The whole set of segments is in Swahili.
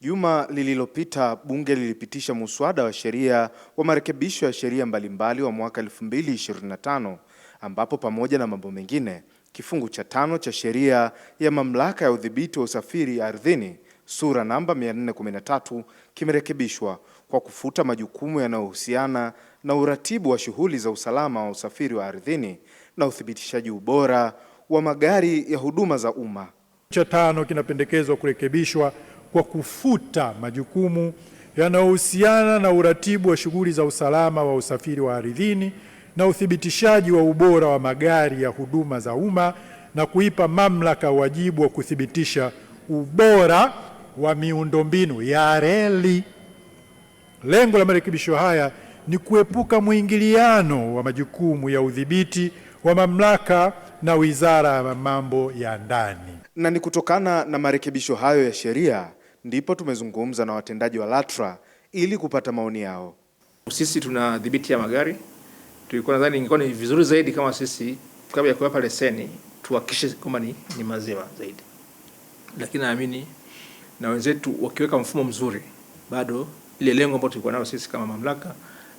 Juma lililopita bunge lilipitisha muswada wa sheria wa marekebisho ya sheria mbalimbali wa mwaka 2025 ambapo pamoja na mambo mengine, kifungu cha tano cha sheria ya mamlaka ya udhibiti wa usafiri ardhini sura namba 413 kimerekebishwa kwa kufuta majukumu yanayohusiana na uratibu wa shughuli za usalama wa usafiri wa ardhini na uthibitishaji ubora wa magari ya huduma za umma. Cha tano kinapendekezwa kurekebishwa kwa kufuta majukumu yanayohusiana na uratibu wa shughuli za usalama wa usafiri wa ardhini na uthibitishaji wa ubora wa magari ya huduma za umma na kuipa mamlaka wajibu wa kuthibitisha ubora wa miundombinu ya reli. Lengo la marekebisho haya ni kuepuka mwingiliano wa majukumu ya udhibiti wa mamlaka na Wizara ya Mambo ya Ndani. Na ni kutokana na marekebisho hayo ya sheria ndipo tumezungumza na watendaji wa LATRA ili kupata maoni yao. Sisi tuna dhibiti ya magari, tulikuwa nadhani ingekuwa ni vizuri zaidi kama sisi kabla ya kuwapa leseni tuhakikishe kwamba ni, ni mazima zaidi, lakini naamini na wenzetu wakiweka mfumo mzuri, bado ile lengo ambayo tulikuwa nayo sisi kama mamlaka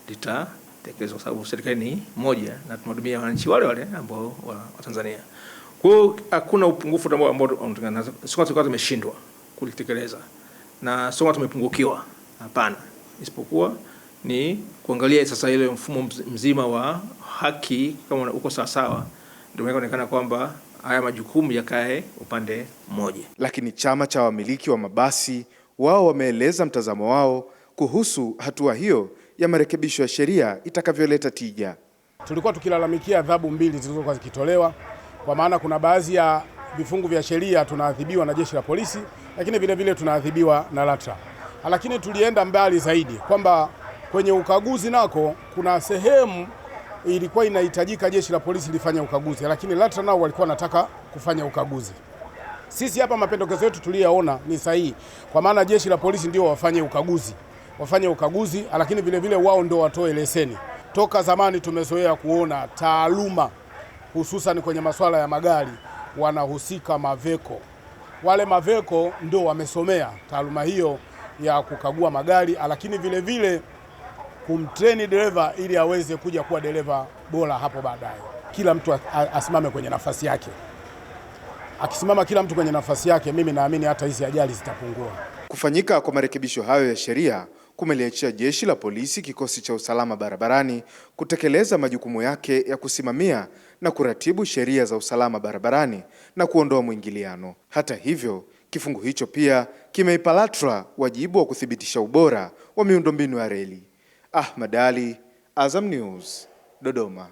litatekelezwa, kwa sababu serikali ni moja na tunahudumia wananchi wale wale ambao wa wa Tanzania. Kwa hiyo hakuna upungufu ambao tumeshindwa kulitekeleza na soma tumepungukiwa, hapana, isipokuwa ni kuangalia sasa ile mfumo mzima wa haki kama uko sawasawa, ndio inaonekana kwamba haya majukumu yakae upande mmoja. Lakini chama cha wamiliki wa mabasi wao wameeleza mtazamo wao kuhusu hatua hiyo ya marekebisho ya sheria itakavyoleta tija. Tulikuwa tukilalamikia adhabu mbili zilizokuwa zikitolewa, kwa maana kuna baadhi ya vifungu vya sheria tunaadhibiwa na jeshi la polisi lakini vile tunaadhibiwa na LATRA. Lakini tulienda mbali zaidi kwamba kwenye ukaguzi nako kuna sehemu ilikuwa inahitajika jeshi la polisi lifanye ukaguzi, lakini LATRA nao walikuwa wanataka kufanya ukaguzi. Sisi hapa mapendekezo yetu tuliyaona ni sahihi, kwa maana jeshi la polisi ndio wafanye ukaguzi, wafanye ukaguzi, lakini vilevile wao ndio watoe leseni. Toka zamani tumezoea kuona taaluma, hususan kwenye masuala ya magari, wanahusika Maveko wale maveko ndio wamesomea taaluma hiyo ya kukagua magari, lakini vile vile kumtreni dereva ili aweze kuja kuwa dereva bora hapo baadaye. Kila mtu asimame kwenye nafasi yake. Akisimama kila mtu kwenye nafasi yake, mimi naamini hata hizi ajali zitapungua. Kufanyika kwa marekebisho hayo ya sheria kumeliachia jeshi la polisi, kikosi cha usalama barabarani, kutekeleza majukumu yake ya kusimamia na kuratibu sheria za usalama barabarani na kuondoa mwingiliano. Hata hivyo, kifungu hicho pia kimeipa LATRA wajibu wa kuthibitisha ubora wa miundombinu ya reli. Ahmad Ali, Azam News, Dodoma.